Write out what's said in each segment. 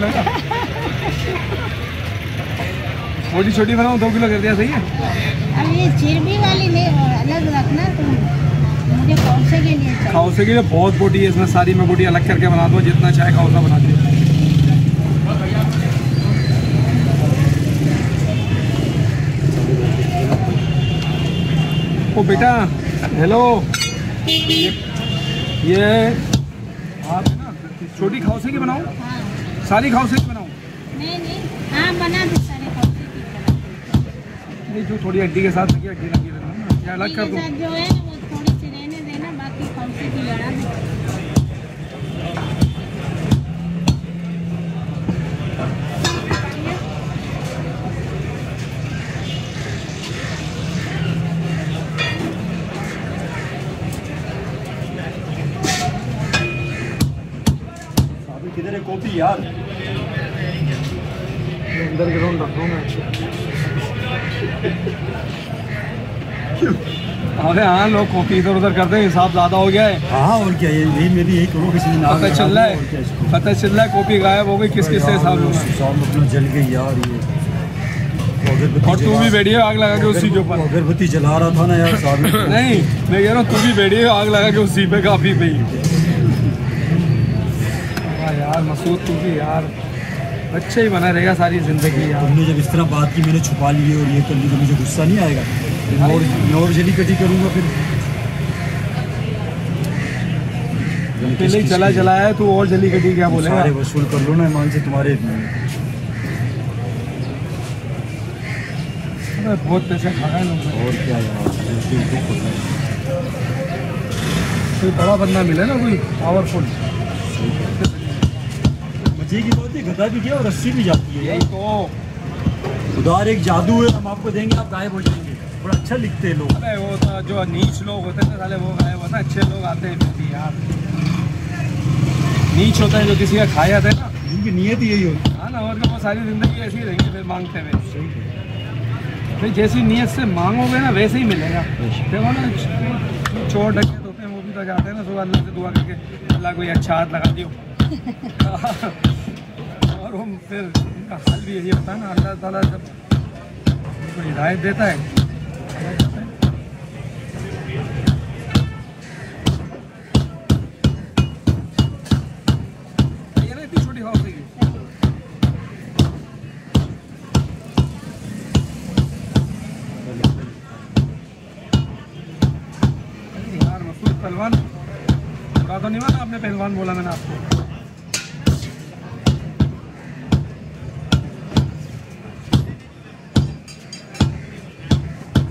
नहीं लगा छोटी छोटी बनाओ दो किलो कर दिया सही है अब ये चिरबी वाली नहीं अलग रखना तुम मुझे खौसे के लिए खौसे के लिए बहुत बोटी है इसमें सारी मैं बोटी अलग करके बना दूँ जितना चाहे खाओ सा बना दे ओ बेटा हेलो ये, आप ना छोटी खौसे की बनाओ हाँ। सारी खाओ सिर्फ बनाओ नहीं नहीं हाँ बना दो सारी खाओ नहीं जो थोड़ी हड्डी के साथ लगी हड्डी लगी रहना या अलग कर दो जो है वो थोड़ी सी रहने देना बाकी खाओ से की लड़ा कॉपी यार अंदर ग्राउंड रखूंगा अरे हाँ लोग कॉपी इधर उधर करते हैं हिसाब ज़्यादा हो गया है हाँ और क्या ये यही मेरी यही करो किसी ने पता चल रहा है पता चल रहा है कॉपी गायब हो गई किस किस से हिसाब अपना जल गई यार ये और तू भी बैठिए आग लगा के उसी के ऊपर अगरबत्ती जला रहा था ना यार नहीं मैं कह रहा हूँ तू भी बैठिए आग लगा के उसी पे काफ़ी पी हाँ यार मसूद तू भी यार अच्छा ही बना रहेगा सारी ज़िंदगी यार तुमने जब इस तरह बात की मैंने छुपा ली और ये कर ली तो मुझे गुस्सा नहीं आएगा मैं और जल्दी कटी करूँगा फिर पहले ही चला चला है तू और जल्दी कटी क्या बोले अरे वसूल कर लो ना मान से तुम्हारे बहुत पैसे खाए और क्या यार तो कोई बड़ा बंदा मिला ना कोई पावरफुल मजे की बहुत ही गदा भी गया और रस्सी भी जाती है तो उधार एक जादू है हम आपको देंगे आप गायब हो जाएंगे और अच्छा लिखते हैं लोग अरे वो तो जो नीच लोग होते हैं ना साले वो गायब होता अच्छे लोग आते हैं फिर यार नीच होता है जो किसी का खाया जाता है ना उनकी नीयत यही होती है हाँ ना और तो वो सारी ज़िंदगी ऐसी रहेंगे फिर मांगते हुए फिर जैसी नीयत से मांगोगे ना वैसे ही मिलेगा अच्छा। देखो ना चोर डे होते हैं वो भी तो जाते हैं ना सुबह अल्लाह से दुआ करके अल्लाह कोई अच्छा हाथ लगा दियो और हम फिर उनका हाल भी यही होता है ना अल्लाह ताला जब उनको हिदायत देता है पहलवान मुरादो तो नहीं मैं आपने पहलवान बोला मैंने आपको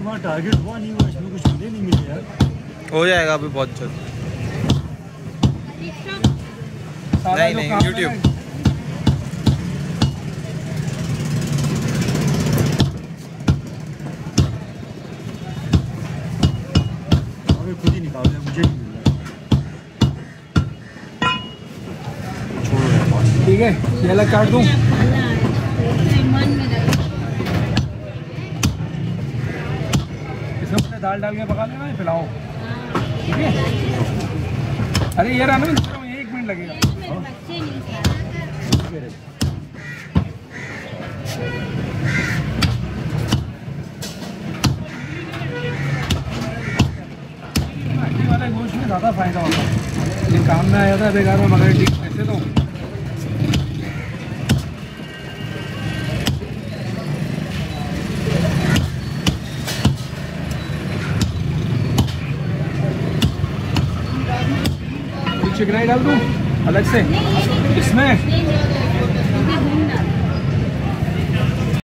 तुम्हारा टारगेट हुआ नहीं हुआ इसमें कुछ मुझे नहीं मिले यार हो जाएगा अभी बहुत जल्द नहीं नहीं यूट्यूब मिल रहा ठीक है ये अलग काट दूँ दाल डाल के पका लेना पिलाओ ठीक है अरे ये रहा ना एक मिनट लगेगा हाँ। वाला गोश्त में ज़्यादा फायदा होता है ये काम में आया था बेकार में मगर ठीक कैसे तो चिकनाई डाल दूँ अलग से इसमें